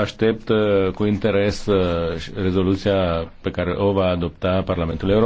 aștept uh, cu interes uh, rezoluția pe care o va adopta Parlamentul European.